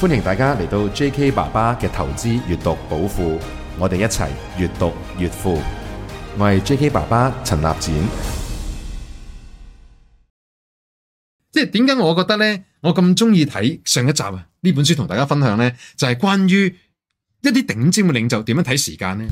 歡迎大家嚟到 J.K. 爸爸嘅投資閱讀寶庫，我哋一齊越讀越富。我係 J.K. 爸爸陳立展。即係點解我覺得呢我咁中意睇上一集啊？呢本書同大家分享呢就係、是、關於一啲頂尖嘅領袖點樣睇時間呢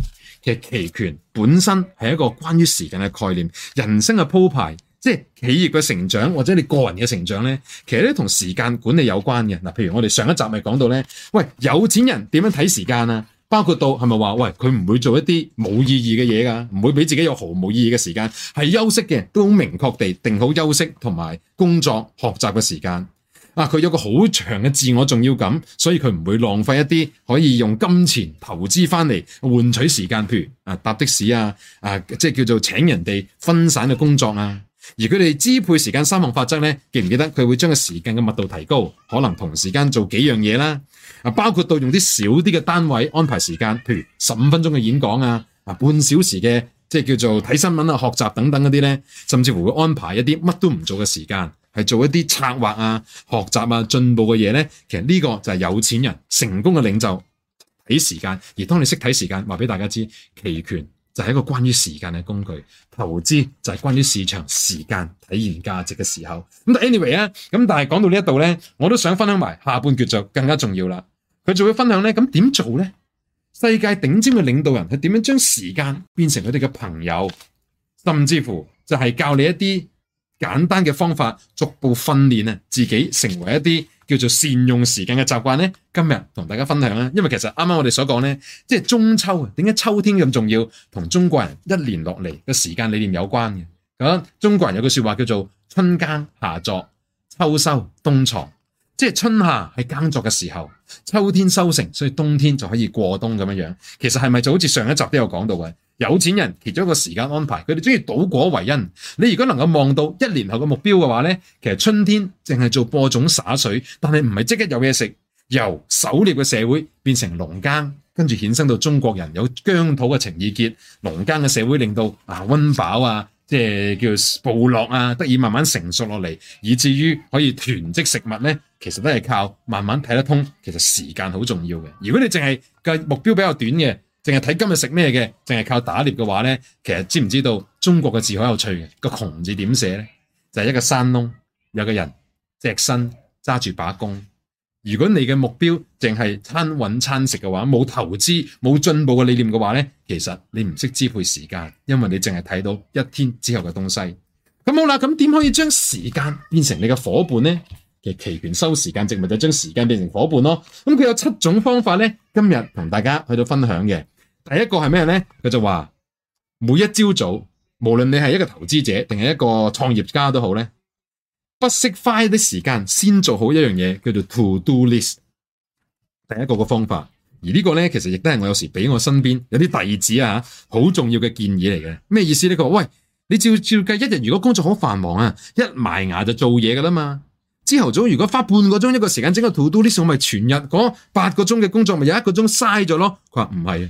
其實期權本身係一個關於時間嘅概念，人生嘅鋪排。即係企業嘅成長或者你個人嘅成長咧，其實咧同時間管理有關嘅。嗱，譬如我哋上一集咪講到咧，喂，有錢人點樣睇時間啊？包括到係咪話喂佢唔會做一啲冇意義嘅嘢噶，唔會俾自己有毫無意義嘅時間，係休息嘅都好明確地定好休息同埋工作學習嘅時間啊。佢有個好長嘅自我重要感，所以佢唔會浪費一啲可以用金錢投資翻嚟換取時間，譬如啊搭的士啊啊，即係叫做請人哋分散嘅工作啊。而佢哋支配時間三項法則呢，記唔記得佢會將個時間嘅密度提高，可能同時間做幾樣嘢啦。啊，包括到用啲少啲嘅單位安排時間，譬如十五分鐘嘅演講啊，啊半小時嘅即係叫做睇新聞啊、學習等等嗰啲呢，甚至乎會安排一啲乜都唔做嘅時間，係做一啲策劃啊、學習啊、進步嘅嘢呢。其實呢個就係有錢人成功嘅領袖睇時間，而當你識睇時間，話俾大家知，期權。就是一個關於時間的工具，投資就是關於市場時間體現價值的時候。咁 anyway 啊，但是講到呢一度咧，我都想分享埋下半句，就更加重要啦。佢就會分享咧，咁點做呢？世界頂尖的領導人係點樣將時間變成他們的朋友，甚至乎就是教你一些簡單的方法，逐步訓練啊自己成為一些叫做善用時間嘅習慣呢，今日同大家分享啦。因為其實啱啱我哋所講呢，即係中秋啊，點解秋天咁重要？同中國人一年落嚟嘅時間理念有關嘅。咁中國人有句說話叫做春耕夏作，秋收冬藏。即係春夏係耕作嘅時候，秋天收成，所以冬天就可以過冬咁樣。其實係咪就好似上一集都有講到嘅？有錢人其中一個時間安排，佢哋中意倒果為因。你如果能夠望到一年後嘅目標嘅話呢，其實春天淨係做播種灑水，但係唔係即刻有嘢食。由狩獵嘅社會變成農耕，跟住衍生到中國人有疆土嘅情意結。農耕嘅社會令到啊溫飽啊，即係叫部落啊得以慢慢成熟落嚟，以至於可以囤積食物呢。其實都係靠慢慢睇得通，其實時間好重要嘅。如果你淨係個目標比較短嘅，淨係睇今日食咩嘅，淨係靠打獵嘅話呢，其實知唔知道中國嘅字好有趣嘅？個窮字點寫呢？就係一個山窿，有個人隻身揸住把弓。如果你嘅目標淨係餐搵餐食嘅話，冇投資、冇進步嘅理念嘅話呢，其實你唔識支配時間，因為你淨係睇到一天之後嘅東西。咁好啦，咁點可以將時間變成你嘅夥伴呢？嘅期權收時間值咪就將時間變成伙伴咯，咁佢有七種方法咧，今日同大家去到分享嘅第一個係咩咧？佢就話每一朝早，無論你係一個投資者定係一個創業家都好咧，不惜花啲時間先做好一樣嘢，叫做 To Do List。第一個個方法，而呢個咧其實亦都係我有時俾我身邊有啲弟子啊，好重要嘅建議嚟嘅。咩意思咧？佢話，喂，你照照計一日，如果工作好繁忙啊，一埋牙就做嘢噶啦嘛。朝頭早如果花半個鐘一個時間整個 to do list，我咪全日嗰八個鐘嘅工作咪有一個鐘嘥咗咯。佢話唔係，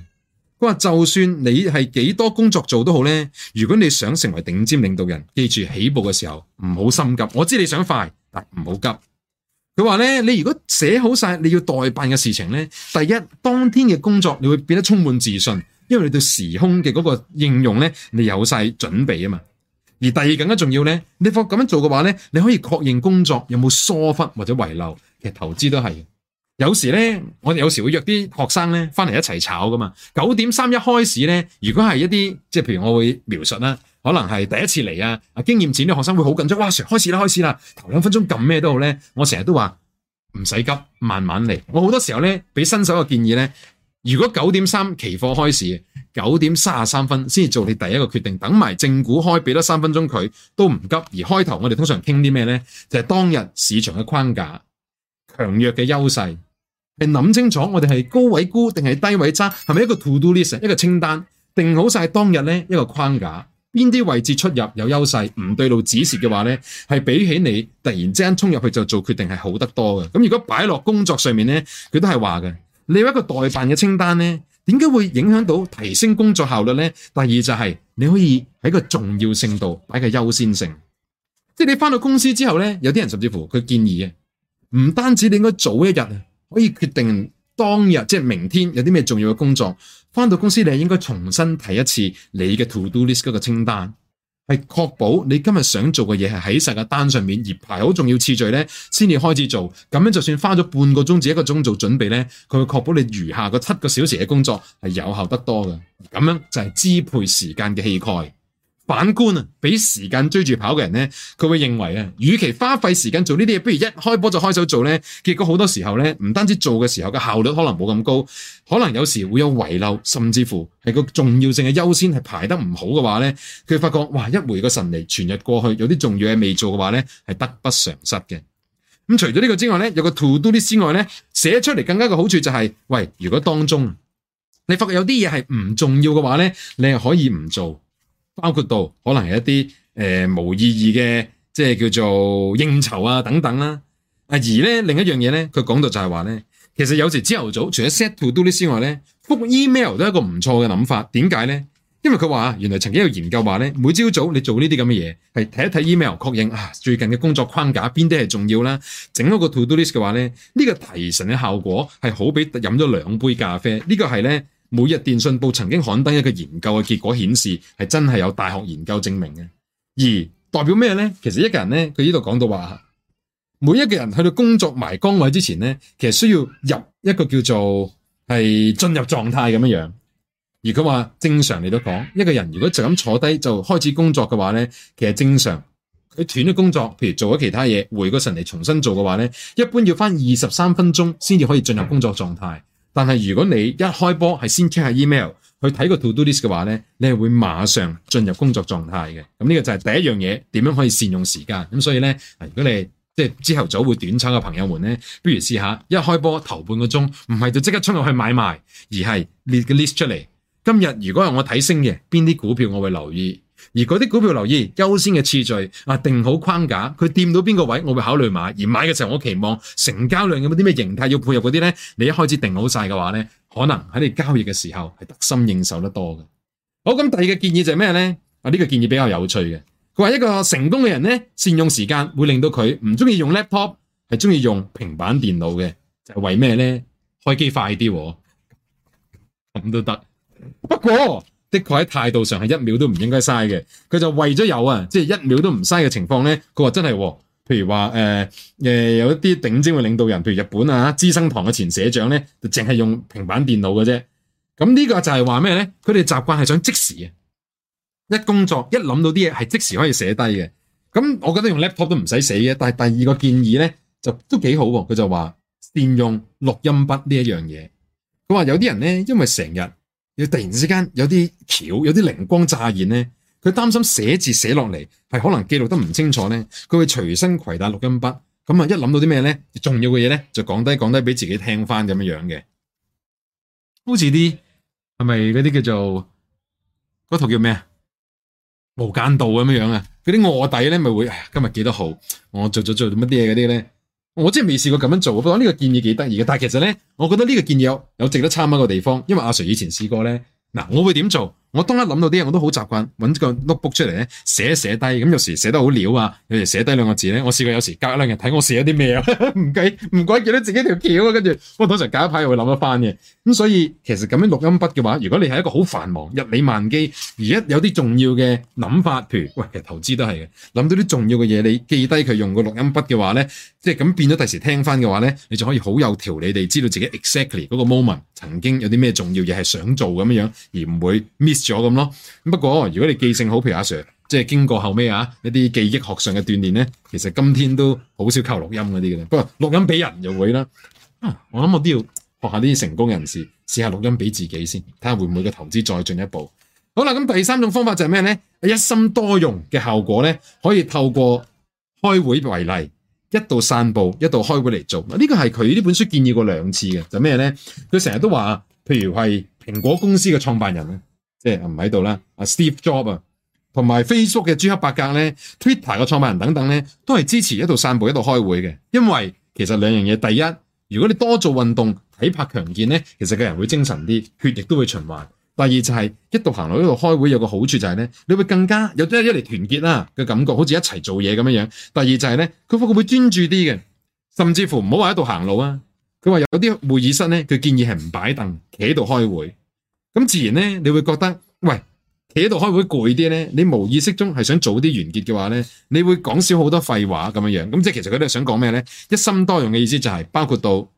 佢話就算你係幾多工作做都好咧，如果你想成為頂尖領導人，記住起步嘅時候唔好心急。我知你想快，但係唔好急。佢話咧，你如果寫好晒你要待辦嘅事情咧，第一，當天嘅工作你會變得充滿自信，因為你對時空嘅嗰個應用咧，你有晒準備啊嘛。而第二更加重要咧，你放咁樣做嘅話咧，你可以確認工作有冇疏忽或者遺漏。其實投資都係，有時咧，我哋有時會約啲學生咧翻嚟一齊炒噶嘛。九點三一開市咧，如果係一啲即係譬如我會描述啦，可能係第一次嚟啊，啊經驗淺啲學生會好緊張，哇，Sir，開始啦，開始啦，頭兩分鐘撳咩都好咧，我成日都話唔使急，慢慢嚟。我好多時候咧，俾新手嘅建議咧。如果九點三期貨開始，九點三十三分先至做你第一個決定，等埋正股開俾多三分鐘，佢都唔急。而開頭我哋通常傾啲咩呢？就係、是、當日市場嘅框架、強弱嘅優勢，你諗清楚我哋係高位沽定係低位揸，係咪一個 to do list 一個清單，定好晒當日呢一個框架，邊啲位置出入有優勢，唔對路止蝕嘅話呢，係比起你突然之間衝入去就做決定係好得多嘅。咁如果擺落工作上面呢，佢都係話嘅。你有一個待辦嘅清單呢，點解會影響到提升工作效率呢？第二就係你可以喺個重要性度擺個優先性，即係你返到公司之後呢，有啲人甚至乎佢建議唔單止你應該早一日可以決定當日即係、就是、明天有啲咩重要嘅工作，返到公司你應該重新提一次你嘅 to do list 嗰個清單。係確保你今日想做嘅嘢，係喺成個單上面，而排好重要次序呢，先至開始做。咁樣就算花咗半個鐘至一個鐘做準備呢，佢會確保你餘下個七個小時嘅工作係有效得多嘅。咁樣就係支配時間嘅氣概。反觀啊，俾時間追住跑嘅人呢，佢會認為啊，與其花費時間做呢啲嘢，不如一開波就開手做呢，結果好多時候呢，唔單止做嘅時候嘅效率可能冇咁高，可能有時會有遺漏，甚至乎係個重要性嘅優先係排得唔好嘅話呢，佢發覺哇，一回個神嚟，全日過去有啲重要嘢未做嘅話呢，係得不償失嘅。咁除咗呢個之外呢，有個 to do list 之外呢，寫出嚟更加嘅好處就係、是，喂，如果當中你發覺有啲嘢係唔重要嘅話呢，你係可以唔做。包括到可能係一啲誒、呃、無意義嘅，即係叫做應酬啊等等啦。啊，而咧另一樣嘢咧，佢講到就係話咧，其實有時朝頭早除咗 set to do list 之外咧，覆 email 都係一個唔錯嘅諗法。點解咧？因為佢話原來曾經有研究話咧，每朝早你做呢啲咁嘅嘢，係睇一睇 email，確認啊最近嘅工作框架邊啲係重要啦，整一個 to do list 嘅話咧，呢、這個提神嘅效果係好比飲咗兩杯咖啡。這個、呢個係咧。每日電訊報曾經刊登一個研究嘅結果顯示，顯示係真係有大學研究證明嘅。而代表咩呢？其實一個人呢，佢呢度講到話，每一個人去到工作埋崗位之前呢，其實需要入一個叫做係進入狀態咁樣樣。而佢話正常嚟到講，一個人如果就咁坐低就開始工作嘅話呢，其實正常佢斷咗工作，譬如做咗其他嘢，回過神嚟重新做嘅話呢，一般要翻二十三分鐘先至可以進入工作狀態。但係如果你一開波係先 check 下 email 去睇個 to do list 嘅話呢，你係會馬上進入工作狀態嘅。咁呢個就係第一樣嘢，點樣可以善用時間。咁所以呢，如果你即係朝頭早會短炒嘅朋友們呢，不如試下一開波頭半個鐘，唔係就即刻衝入去買賣，而係列個 list 出嚟。今日如果係我睇升嘅邊啲股票，我會留意。而嗰啲股票留意優先嘅次序啊，定好框架，佢掂到邊個位，我會考慮買。而買嘅時候，我期望成交量有冇啲咩形態要配合嗰啲咧。你一開始定好晒嘅話咧，可能喺你交易嘅時候係得心應手得多嘅。好，咁第二個建議就係咩咧？啊，呢、這個建議比較有趣嘅。佢話一個成功嘅人咧，善用時間會令到佢唔中意用 laptop，係中意用平板電腦嘅。就係、是、為咩咧？開機快啲喎、啊，咁都得。不過。的確喺態度上係一秒都唔應該嘥嘅，佢就為咗有啊，即、就、係、是、一秒都唔嘥嘅情況咧，佢話真係、哦，譬如話誒、呃呃、有一啲頂尖嘅領導人，譬如日本啊，資生堂嘅前社長咧，就淨係用平板電腦嘅啫。咁呢個就係話咩咧？佢哋習慣係想即時啊，一工作一諗到啲嘢係即時可以寫低嘅。咁我覺得用 laptop 都唔使寫嘅。但係第二個建議咧就都幾好喎。佢就話善用錄音筆這一呢一樣嘢。佢話有啲人咧，因為成日。要突然之間有啲橋，有啲靈光乍現呢，佢擔心寫字寫落嚟係可能記錄得唔清楚呢，佢會隨身攜帶錄音筆，咁啊一諗到啲咩呢？重要嘅嘢呢，就講低講低俾自己聽返。咁樣樣嘅，好似啲係咪嗰啲叫做嗰套叫咩啊？無間道咁樣樣啊，嗰啲臥底呢咪會今日幾多號，我做咗做乜啲嘢嗰啲呢？我真係未試過咁樣做，不過呢個建議幾得意嘅。但係其實咧，我覺得呢個建議有有值得參考嘅地方，因為阿 Sir 以前試過咧，嗱，我會點做？我當一諗到啲嘢，我都好習慣揾個 notebook 出嚟咧寫寫低。咁有時寫得好料啊，有時寫低兩個字咧。我試過有時隔一兩日睇我寫咗啲咩啊，唔計唔鬼記得自己條橋啊。跟住我通常搞一排又會諗一翻嘅。咁所以其實咁樣錄音筆嘅話，如果你係一個好繁忙、日理萬機，而家有啲重要嘅諗法譬如喂，其實投資都係嘅，諗到啲重要嘅嘢，你記低佢用個錄音筆嘅話咧，即係咁變咗第時聽翻嘅話咧，你就可以好有條理地知道自己 exactly 嗰個 moment 曾經有啲咩重要嘢係想做咁樣樣，而唔會 miss 咗咁咯，不過如果你記性好，譬如阿 Sir，即係經過後尾啊，一啲記憶學上嘅鍛煉咧，其實今天都好少靠錄音嗰啲嘅。不過錄音俾人又會啦，啊，我諗我都要學下呢啲成功人士，試下錄音俾自己先，睇下會唔會個投資再進一步。好啦，咁第三種方法就係咩咧？一心多用嘅效果咧，可以透過開會為例，一度散步，一度開會嚟做。呢個係佢呢本書建議過兩次嘅，就咩、是、咧？佢成日都話，譬如係蘋果公司嘅創辦人咧。即係唔喺度啦，阿 Steve Jobs 啊，同埋 Facebook 嘅朱克伯格咧，Twitter 嘅創辦人等等咧，都係支持一路散步，一路開會嘅。因為其實兩樣嘢，第一，如果你多做運動，體魄強健咧，其實個人會精神啲，血液，都會循環。第二就係一路行路一路開會，有個好處就係咧，你會更加有一嚟團結啦嘅感覺，好似一齊做嘢咁樣樣。第二就係咧，佢會佢會專注啲嘅，甚至乎唔好話一路行路啊。佢話有啲會議室咧，佢建議係唔擺凳，企喺度開會。咁自然咧，你會覺得喂，企喺度開會攰啲咧，你無意識中係想早啲完結嘅話咧，你會講少好多廢話咁樣樣。咁即係其實佢哋想講咩咧？一心多用嘅意思就係、是、包括到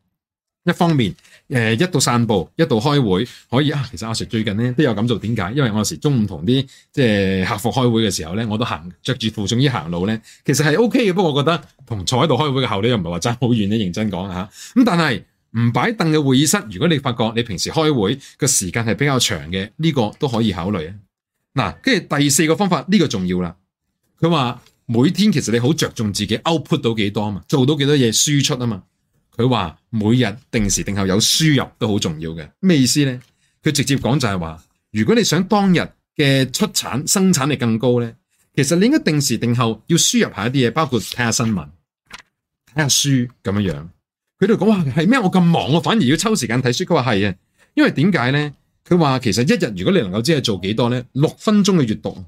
一方面、呃，一度散步，一度開會可以啊。其實阿 Sir 最近咧都有咁做，點解？因為我有 s 中午同啲即係客服開會嘅時候咧，我都行着住副重衣行路咧，其實係 OK 嘅。不過我覺得同坐喺度開會嘅效率又唔係話爭好遠咧。認真講嚇，咁、啊、但係唔擺凳嘅會議室，如果你發覺你平時開會嘅時間係比較長嘅，呢個都可以考慮啊。嗱，跟住第四個方法，呢個重要啦。佢話每天其實你好着重自己 output 到幾多嘛，做到幾多嘢輸出啊嘛。佢話每日定時定候有輸入都好重要嘅。咩意思呢？佢直接講就係話，如果你想當日嘅出產生產力更高呢，其實你應該定時定候，要輸入下一啲嘢，包括睇下新聞、睇下書咁樣樣。佢哋講話係咩？我咁忙，啊，我反而要抽時間睇書。佢話係啊，因為點解咧？佢話其實一日如果你能夠只係做幾多咧，六分鐘嘅閱讀，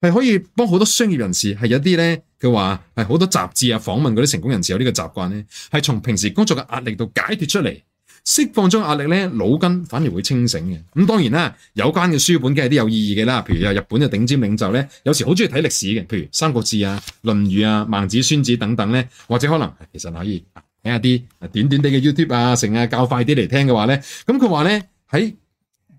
係可以幫好多商業人士，係有啲咧。佢話係好多雜誌啊，訪問嗰啲成功人士有個習慣，呢個習慣咧，係從平時工作嘅壓力度解脱出嚟，釋放咗壓力咧，腦筋反而會清醒嘅。咁、嗯、當然啦，有關嘅書本梗係啲有意義嘅啦。譬如啊，日本嘅頂尖領袖咧，有時好中意睇歷史嘅，譬如《三國志》啊、《論語》啊、《孟子》、《孫子》等等咧，或者可能其實可以。睇下啲啊短短啲嘅 YouTube 啊成啊，較快啲嚟聽嘅話咧，咁佢話咧，喺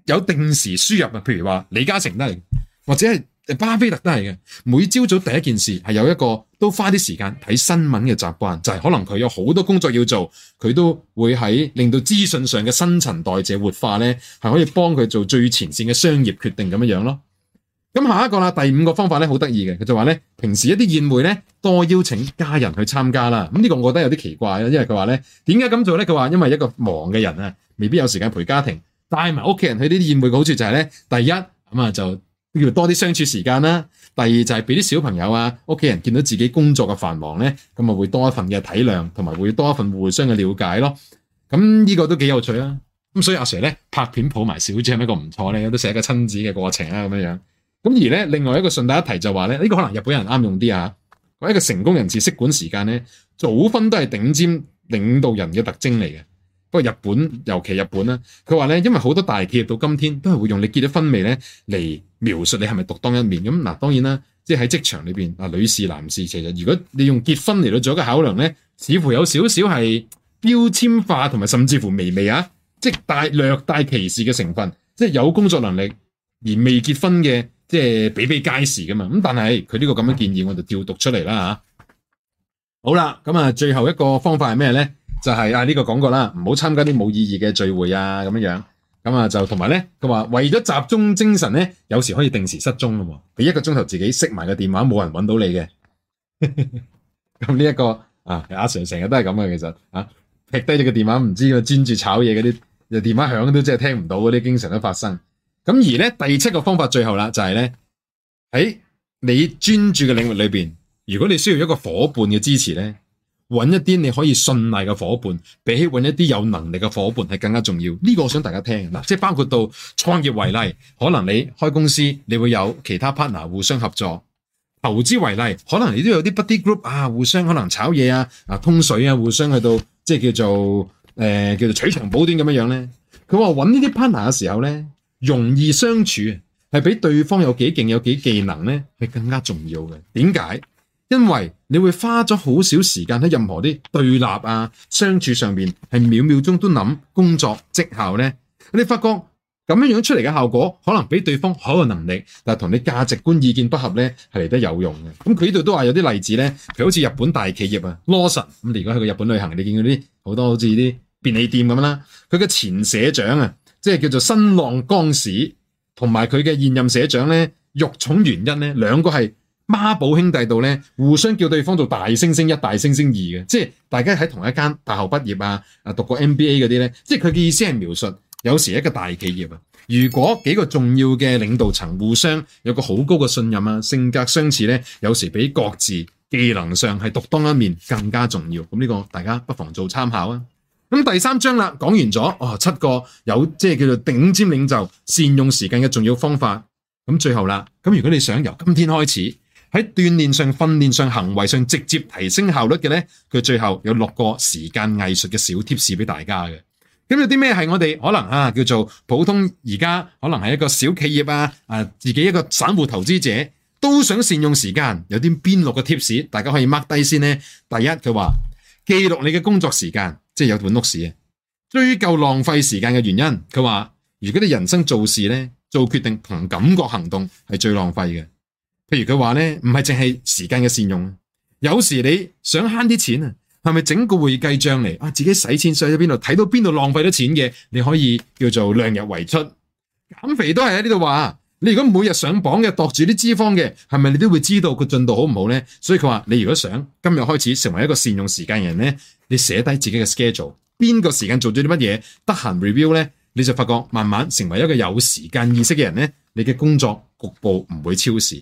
有定時輸入啊，譬如話李嘉誠都係，或者係巴菲特都係嘅，每朝早第一件事係有一個都花啲時間睇新聞嘅習慣，就係、是、可能佢有好多工作要做，佢都會喺令到資訊上嘅新陳代謝活化咧，係可以幫佢做最前綫嘅商業決定咁樣樣咯。咁下一個啦，第五個方法咧，好得意嘅，佢就話咧平時一啲宴會咧多邀請家人去參加啦。咁呢個我覺得有啲奇怪，因為佢話咧點解咁做咧？佢話因為一個忙嘅人啊，未必有時間陪家庭，帶埋屋企人去呢啲宴會嘅好處就係咧，第一咁啊就要多啲相處時間啦，第二就係俾啲小朋友啊、屋企人見到自己工作嘅繁忙咧，咁啊會多一份嘅體諒，同埋會多一份互相嘅了解咯。咁呢個都幾有趣啊！咁所以阿 Sir 咧拍片抱埋小 G 係一個唔錯咧，都係個親子嘅過程啦、啊，咁樣樣。咁而咧，另外一個順帶一提就話咧，呢、這個可能日本人啱用啲啊。一個成功人士識管時間咧，早婚都係頂尖領導人嘅特徵嚟嘅。不過日本尤其日本啦，佢話咧，因為好多大企業到今天都係會用你結咗婚未咧嚟描述你係咪獨當一面。咁嗱，當然啦，即係喺職場裏邊，啊，女士男士其實如果你用結婚嚟到做一個考量咧，似乎有少少係標籤化同埋甚至乎微微啊，即係略帶歧視嘅成分。即係有工作能力而未結婚嘅。即係比比皆是咁嘛，咁但係佢呢個咁嘅建議，我就調讀出嚟啦吓，好啦，咁啊，最後一個方法係咩咧？就係、是、啊呢、呢個講過啦，唔好參加啲冇意義嘅聚會啊咁樣樣。咁啊就同埋咧，佢話為咗集中精神咧，有時可以定時失蹤咯喎，俾一個鐘頭自己熄埋個電話，冇人搵到你嘅。咁呢一個啊，阿 Sir 成日都係咁嘅其實啊，劈低咗個電話，唔知佢專注炒嘢嗰啲，又電話響都即係聽唔到嗰啲，經常都發生。咁而咧第七個方法最後啦，就係咧，喺你專注嘅領域裏邊，如果你需要一個夥伴嘅支持咧，搵一啲你可以信賴嘅夥伴，比起搵一啲有能力嘅夥伴係更加重要。呢、這個我想大家聽嗱，即係包括到創業為例，可能你開公司你會有其他 partner 互相合作；投資為例，可能你都有啲 buddy group 啊，互相可能炒嘢啊、啊通水啊，互相去到即係叫做誒、呃、叫做取長補短咁樣樣咧。佢話搵呢啲 partner 嘅時候咧。容易相處啊，係比對方有幾勁有幾技能咧，係更加重要嘅。點解？因為你會花咗好少時間喺任何啲對立啊、相處上面，係秒秒鐘都諗工作績效咧。你發覺咁樣樣出嚟嘅效果，可能比對方好有能力，但同你價值觀意見不合咧，係嚟得有用嘅。咁佢呢度都話有啲例子咧，佢好似日本大企業啊，Lawson，咁你而家去個日本旅行，你見到啲好多好似啲便利店咁樣啦，佢嘅前社長啊。即係叫做新浪江史同埋佢嘅現任社長咧，育種原因咧，兩個係孖寶兄弟度咧，互相叫對方做大猩猩一、大猩猩二嘅，即係大家喺同一間大學畢業啊，啊讀過 MBA 嗰啲咧，即係佢嘅意思係描述，有時一個大企業啊，如果幾個重要嘅領導層互相有個好高嘅信任啊，性格相似咧，有時比各自技能上係獨當一面更加重要。咁呢個大家不妨做參考啊！咁第三章啦，講完咗哦，七個有即係叫做頂尖領袖善用時間嘅重要方法。咁最後啦，咁如果你想由今天開始喺鍛煉上、訓練上、行為上直接提升效率嘅呢，佢最後有六個時間藝術嘅小貼士俾大家嘅。咁有啲咩係我哋可能啊叫做普通而家可能係一個小企業啊，啊，自己一個散戶投資者都想善用時間，有啲邊六個貼士大家可以 mark 低先呢？第一，佢話記錄你嘅工作時間。即係有一本屋市啊，追究浪費時間嘅原因，佢話：如果你人生做事咧，做決定同感覺行動係最浪費嘅。譬如佢話咧，唔係淨係時間嘅善用，有時你想慳啲錢啊，係咪整個會計帳嚟啊？自己使錢上咗邊度，睇到邊度浪費咗錢嘅，你可以叫做量入為出。減肥都係喺呢度話。你如果每日上磅嘅，度住啲脂肪嘅，係咪你都會知道個進度好唔好呢？所以佢話：你如果想今日開始成為一個善用時間嘅人呢，你寫低自己嘅 schedule，邊個時間做咗啲乜嘢，得閒 review 呢，你就發覺慢慢成為一個有時間意識嘅人呢，你嘅工作局部唔會超時。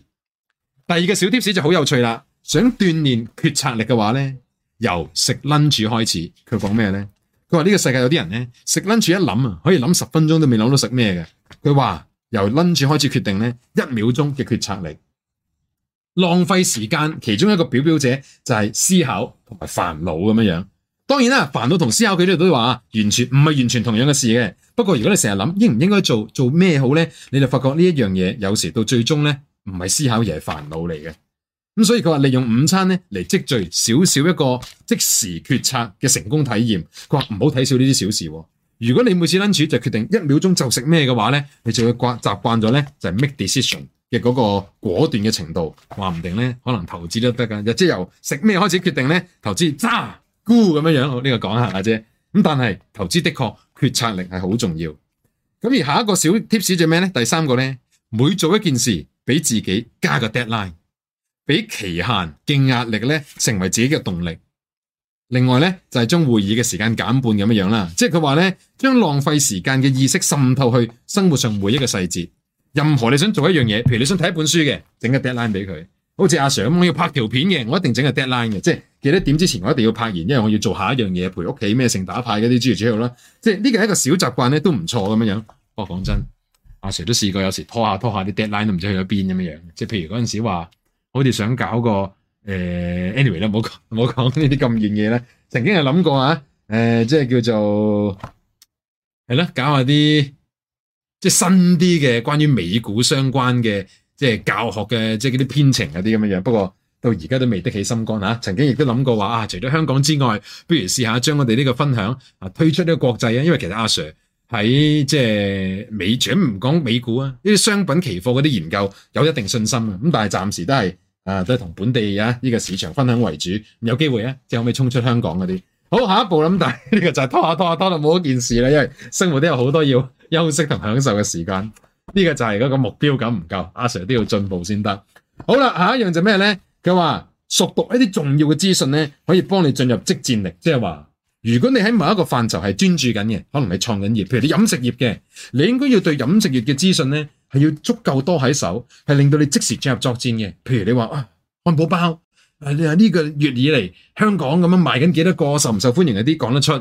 第二個小 tips 就好有趣啦，想鍛煉決策力嘅話呢，由食 lunch 開始。佢講咩呢？佢話呢個世界有啲人呢，食 lunch 一諗啊，可以諗十分鐘都未諗到食咩嘅。佢話。由 l 住開始決定呢一秒鐘嘅決策力，浪費時間。其中一個表表者就係思考同埋煩惱咁樣。當然啦，煩惱同思考佢哋都話啊，完全唔係完全同樣嘅事嘅。不過如果你成日諗應唔應該做做咩好呢？你就發覺呢一樣嘢有時到最終呢唔係思考而係煩惱嚟嘅。咁所以佢話利用午餐咧嚟積聚少少一個即時決策嘅成功體驗。佢話唔好睇少呢啲小事。如果你每次 lunch 就決定一秒鐘就食咩嘅話咧，你就會慣習慣咗咧就係 make decision 嘅嗰個果斷嘅程度，話唔定咧可能投資都得噶，即係由食咩開始決定咧，投資揸沽咁樣樣，呢個講下啫。咁但係投資的確決策力係好重要。咁而下一個小 tips 做咩咧？第三個咧，每做一件事，俾自己加個 deadline，俾期限，經壓力咧，成為自己嘅動力。另外呢，就係將會議嘅時間減半咁樣樣啦，即係佢話呢，將浪費時間嘅意識滲透去生活上每一個細節。任何你想做一樣嘢，譬如你想睇一本書嘅，整個 deadline 俾佢。好似阿 Sir 咁，我要拍條片嘅，我一定整個 deadline 嘅，即係幾多點之前我一定要拍完，因為我要做下一樣嘢，陪屋企咩成打牌嗰啲，諸如此類啦。即係呢個係一個小習慣咧都唔錯咁樣樣。不過講真，阿 Sir 都試過有時拖下拖下啲 deadline 都唔知去咗邊咁樣樣。即係譬如嗰陣時話，好似想搞個。誒、呃、anyway 啦，唔好講，唔好講呢啲咁遠嘢啦。曾經有諗過啊，誒、呃，即係叫做係啦，搞下啲即係新啲嘅關於美股相關嘅，即係教學嘅，即係嗰啲編程嗰啲咁嘅嘢。不過到而家都未得起心肝啊。曾經亦都諗過話啊，除咗香港之外，不如試下將我哋呢個分享啊推出呢個國際啊，因為其實阿 Sir 喺即係美，唔講美股啊，呢啲商品期貨嗰啲研究有一定信心啊。咁但係暫時都係。啊，都係同本地啊呢、這個市場分享為主，有機會啊，即係可唔可以衝出香港嗰啲？好，下一步諗大，呢、這個就係拖下拖下拖，拖，拖到冇一件事啦，因為生活都有好多要休息同享受嘅時間。呢、這個就係嗰個目標感唔夠，阿、啊、Sir 都要進步先得。好啦，下一樣就咩咧？佢話熟讀一啲重要嘅資訊咧，可以幫你進入即戰力。即係話，如果你喺某一個範疇係專注緊嘅，可能你創緊業，譬如你飲食業嘅，你應該要對飲食業嘅資訊咧。係要足夠多喺手，係令到你即時進入作戰嘅。譬如你話啊，漢堡包啊，呢個月以嚟香港咁樣賣緊幾多個，受唔受歡迎嗰啲講得出。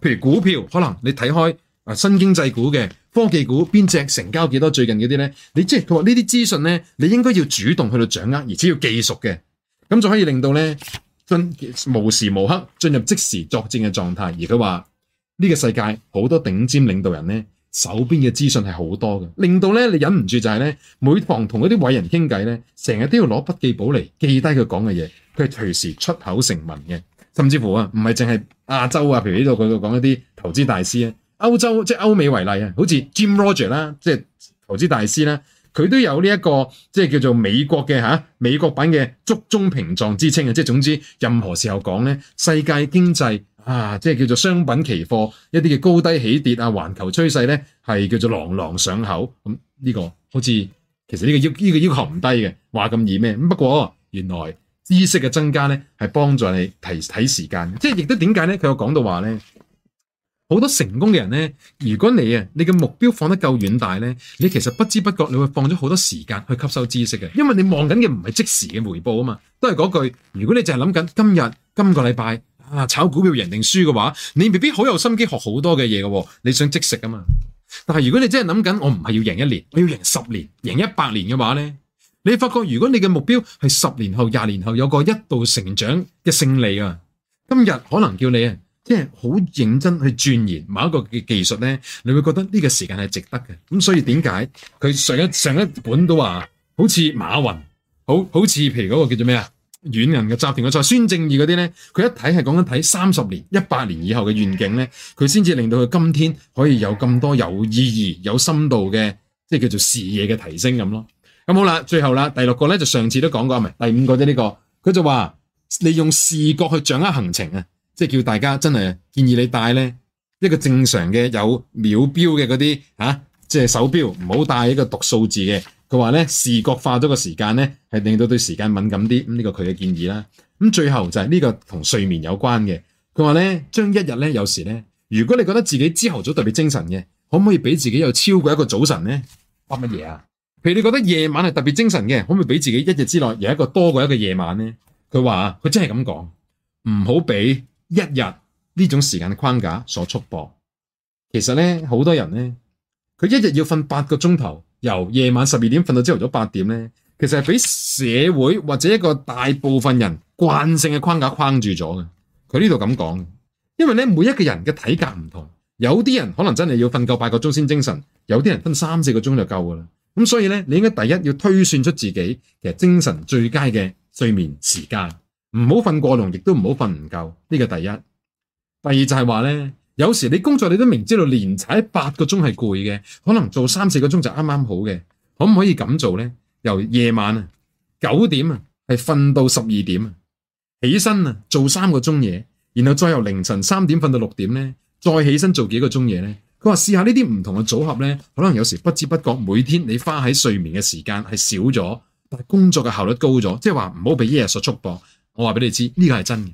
譬如股票，可能你睇開啊新經濟股嘅科技股邊隻成交幾多，最近嗰啲咧，你即係佢話呢啲資訊咧，你應該要主動去到掌握，而且要記熟嘅，咁就可以令到咧進無時無刻進入即時作戰嘅狀態。而佢話呢個世界好多頂尖領導人咧，手邊嘅資訊係好多㗎。令到呢，你忍唔住就係呢：每逢同嗰啲偉人傾偈呢，成日都要攞筆記簿嚟記低佢講嘅嘢。佢隨時出口成文嘅，甚至乎啊，唔係淨係亞洲啊，譬如呢度佢講一啲投資大師啊，歐洲即係歐美為例啊，好似 Jim Rogers 啦、這個，即係投資大師啦，佢都有呢一個即係叫做美國嘅吓美國版嘅竹中平藏之稱啊。即係總之，任何時候講呢，世界經濟。啊，即係叫做商品期貨一啲嘅高低起跌啊，環球趨勢咧係叫做朗朗上口。咁呢個好似其實呢個要呢個要求唔低嘅，話咁易咩？咁不過原來知識嘅增加咧係幫助你提睇時間，即係亦都點解咧？佢有講到話咧，好多成功嘅人咧，如果你啊你嘅目標放得夠遠大咧，你其實不知不覺你會放咗好多時間去吸收知識嘅，因為你望緊嘅唔係即時嘅回報啊嘛，都係嗰句，如果你淨係諗緊今日今個禮拜。啊！炒股票贏定輸嘅話，你未必好有心機學好多嘅嘢嘅。你想即食啊嘛？但係如果你真係諗緊，我唔係要贏一年，我要贏十年、贏一百年嘅話咧，你發覺如果你嘅目標係十年後、廿年後有個一度成長嘅勝利啊，今日可能叫你啊，即係好認真去鑽研某一個嘅技術咧，你會覺得呢個時間係值得嘅。咁所以點解佢上一上一本都話，好似馬雲，好好似譬如嗰個叫做咩啊？遠人嘅集團嘅就係孫正義嗰啲咧，佢一睇，係講緊睇三十年、一百年以後嘅願景咧，佢先至令到佢今天可以有咁多有意義、有深度嘅，即係叫做視野嘅提升咁咯。咁好啦，最後啦，第六個咧就上次都講過，係咪？第五個啫，呢個，佢就話利用視覺去掌握行程啊，即係叫大家真係建議你帶咧一個正常嘅有秒錶嘅嗰啲即係手錶，唔好帶一個讀數字嘅。佢話咧視覺化咗個時間呢，係令到對時間敏感啲咁，呢個佢嘅建議啦。咁最後就係呢個同睡眠有關嘅。佢話呢，將一日呢，有時呢，如果你覺得自己朝頭早特別精神嘅，可唔可以俾自己有超過一個早晨呢？乜乜嘢啊？譬如你覺得夜晚係特別精神嘅，可唔可以俾自己一日之內有一個多過一個夜晚呢？佢話佢真係咁講，唔好俾一日呢種時間嘅框架所束縛。其實呢，好多人呢，佢一日要瞓八個鐘頭。由夜晚十二點瞓到朝頭早八點呢，其實係俾社會或者一個大部分人慣性嘅框架框住咗嘅。佢呢度咁講，因為呢每一個人嘅體格唔同，有啲人可能真係要瞓夠八個鐘先精神，有啲人瞓三四個鐘就夠㗎啦。咁所以呢，你應該第一要推算出自己其實精神最佳嘅睡眠時間，唔好瞓過濃，亦都唔好瞓唔夠。呢個第一，第二就係話呢。有時你工作你都明知道連踩八個鐘係攰嘅，可能做三四個鐘就啱啱好嘅，可唔可以咁做呢？由夜晚啊九點啊係瞓到十二點啊，起身啊做三個鐘嘢，然後再由凌晨三點瞓到六點咧，再起身做幾個鐘嘢咧？佢話試下呢啲唔同嘅組合咧，可能有時不知不覺每天你花喺睡眠嘅時間係少咗，但係工作嘅效率高咗，即係話唔好俾一日所束縛。我話俾你知呢個係真嘅。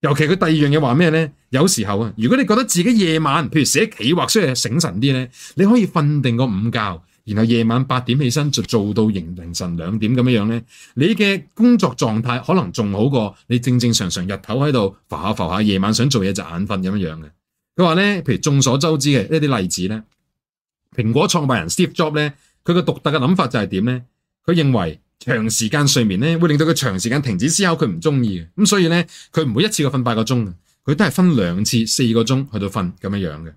尤其佢第二樣嘢話咩呢？有時候啊，如果你覺得自己夜晚譬如寫企劃，需要醒神啲呢，你可以瞓定個午覺，然後夜晚八點起身就做到迎凌晨兩點咁樣呢。你嘅工作狀態可能仲好過你正正常常日頭喺度浮下浮下，夜晚想做嘢就眼瞓咁樣樣嘅。佢話呢，譬如眾所周知嘅一啲例子呢，蘋果創辦人 Steve Jobs 呢，佢個獨特嘅諗法就係點呢？佢認為。長時間睡眠咧，會令到佢長時間停止思考，佢唔中意嘅，咁所以咧，佢唔會一次過瞓八個鐘，佢都係分兩次四個鐘去到瞓咁樣樣嘅。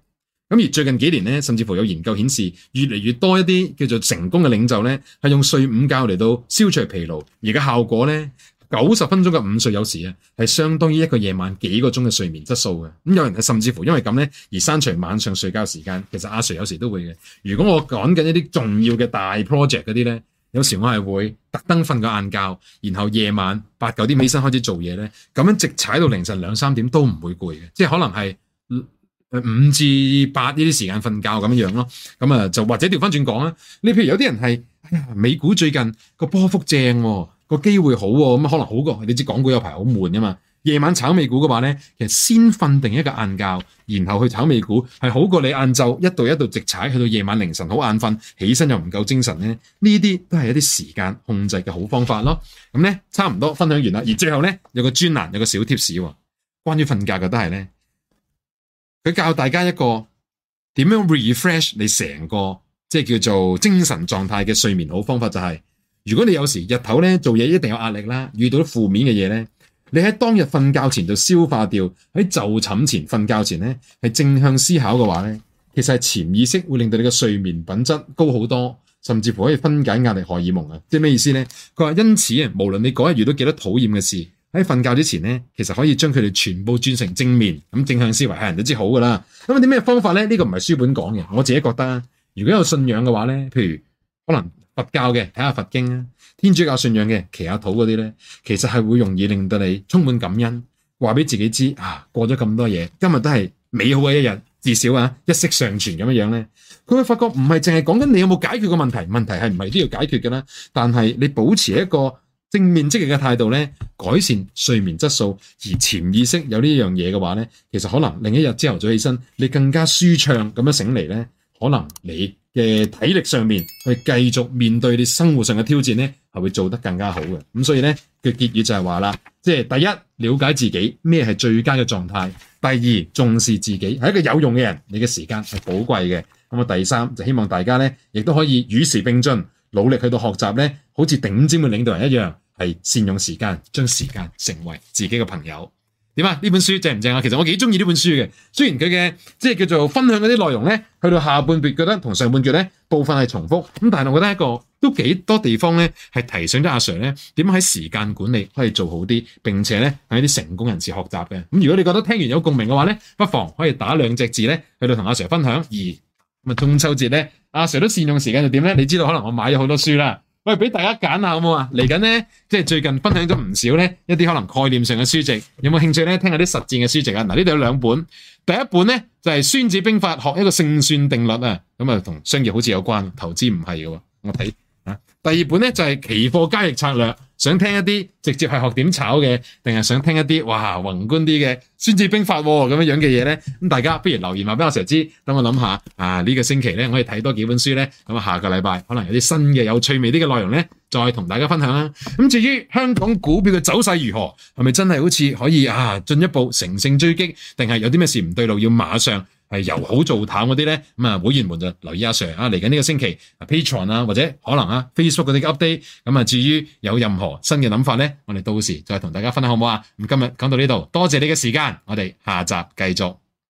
咁而最近幾年咧，甚至乎有研究顯示，越嚟越多一啲叫做成功嘅領袖咧，係用睡午覺嚟到消除疲勞，而家效果咧，九十分鐘嘅午睡有時啊，係相當於一個夜晚幾個鐘嘅睡眠質素嘅。咁有人係甚至乎因為咁咧而刪除晚上睡覺時間，其實阿 Sir 有時都會嘅。如果我講緊一啲重要嘅大 project 嗰啲咧。有時我係會特登瞓個晏覺，然後夜晚八九點起身開始做嘢咧，咁樣直踩到凌晨兩三點都唔會攰嘅，即係可能係五至八呢啲時間瞓覺咁樣囉。咯。咁啊，就或者調翻轉講啦。你譬如有啲人係，哎呀，美股最近個波幅正，啊，個機會好喎，啊，咁可能好過你知港股有排好悶噶嘛。夜晚炒美股嘅話咧，其實先瞓定一個晏覺，然後去炒美股，係好過你晏晝一度一度直踩，去到夜晚凌晨好眼瞓，起身又唔夠精神咧。呢啲都係一啲時間控制嘅好方法咯。咁咧，差唔多分享完啦，而最後咧，有個專欄有個小貼士，關於瞓覺嘅都係咧，佢教大家一個點樣 refresh 你成個即係叫做精神狀態嘅睡眠好方法，就是，就係如果你有時日頭咧做嘢一定有壓力啦，遇到負面嘅嘢咧。你喺當日瞓覺前就消化掉，喺就寢前瞓覺前呢，係正向思考嘅話呢，其實係潛意識會令到你嘅睡眠品質高好多，甚至乎可以分解壓力荷爾蒙啊！即係咩意思呢？佢話：因此啊，無論你嗰日遇到幾多討厭嘅事，喺瞓覺之前呢，其實可以將佢哋全部轉成正面咁正向思維，係人都知好噶啦。咁有啲咩方法呢？呢、這個唔係書本講嘅，我自己覺得，如果有信仰嘅話呢，譬如可能。佛教嘅睇下佛經啊，天主教信仰嘅祈下禱嗰啲咧，其實係會容易令到你充滿感恩，話俾自己知啊，過咗咁多嘢，今日都係美好嘅一日，至少啊一息尚存咁樣樣咧，佢會發覺唔係淨係講緊你有冇解決個問題，問題係唔係都要解決嘅啦。但係你保持一個正面積極嘅態度咧，改善睡眠質素，而潛意識有呢樣嘢嘅話咧，其實可能另一日朝頭早起身，你更加舒暢咁樣醒嚟咧，可能你。嘅體力上面去繼續面對你生活上嘅挑戰，呢係會做得更加好嘅。咁所以呢，個結語就係話啦，即第一了解自己咩係最佳嘅狀態，第二重視自己係一個有用嘅人，你嘅時間係寶貴嘅。咁第三就希望大家呢亦都可以與時並進，努力去到學習呢，好似頂尖嘅領導人一樣，係善用時間，將時間成為自己嘅朋友。點啊？呢本書正唔正啊？其實我幾中意呢本書嘅，雖然佢嘅即係叫做分享嗰啲內容咧，去到下半段覺得同上半段咧部分係重複，咁但係我覺得一個都幾多地方咧係提醒咗阿 Sir 咧點喺時間管理可以做好啲，並且咧喺啲成功人士學習嘅。咁如果你覺得聽完有共鳴嘅話咧，不妨可以打兩隻字咧去到同阿 Sir 分享。而咁啊中秋節咧，阿 Sir 都善用時間又點咧？你知道可能我買咗好多書啦。我哋畀大家揀下好唔好啊？嚟緊呢，即係最近分享咗唔少呢一啲可能概念上嘅書籍，有冇興趣呢？聽下啲實戰嘅書籍啊？嗱，呢度有兩本，第一本呢，就係《孫子兵法》，學一個勝算定律啊，咁啊同商業好似有關，投資唔係喎。我睇。第二本呢，就係期貨交易策略，想聽一啲直接係學點炒嘅，定係想聽一啲哇宏觀啲嘅《孫子兵法》咁樣樣嘅嘢呢？咁大家不如留言話俾我成知，等我諗下啊，呢個星期呢，我可以睇多幾本書呢。咁啊下個禮拜可能有啲新嘅有趣味啲嘅內容呢，再同大家分享啦。咁至於香港股票嘅走勢如何，係咪真係好似可以啊進一步乘勝追擊，定係有啲咩事唔對路要馬上？係由好做淡嗰啲呢，咁啊會員們就留意阿 Sir 啊，嚟緊呢個星期 Patreon 啊或者可能啊 Facebook 嗰啲 update，咁啊至於有任何新嘅諗法呢，我哋到時再同大家分享好唔好啊？咁今日講到呢度，多謝你嘅時間，我哋下集繼續。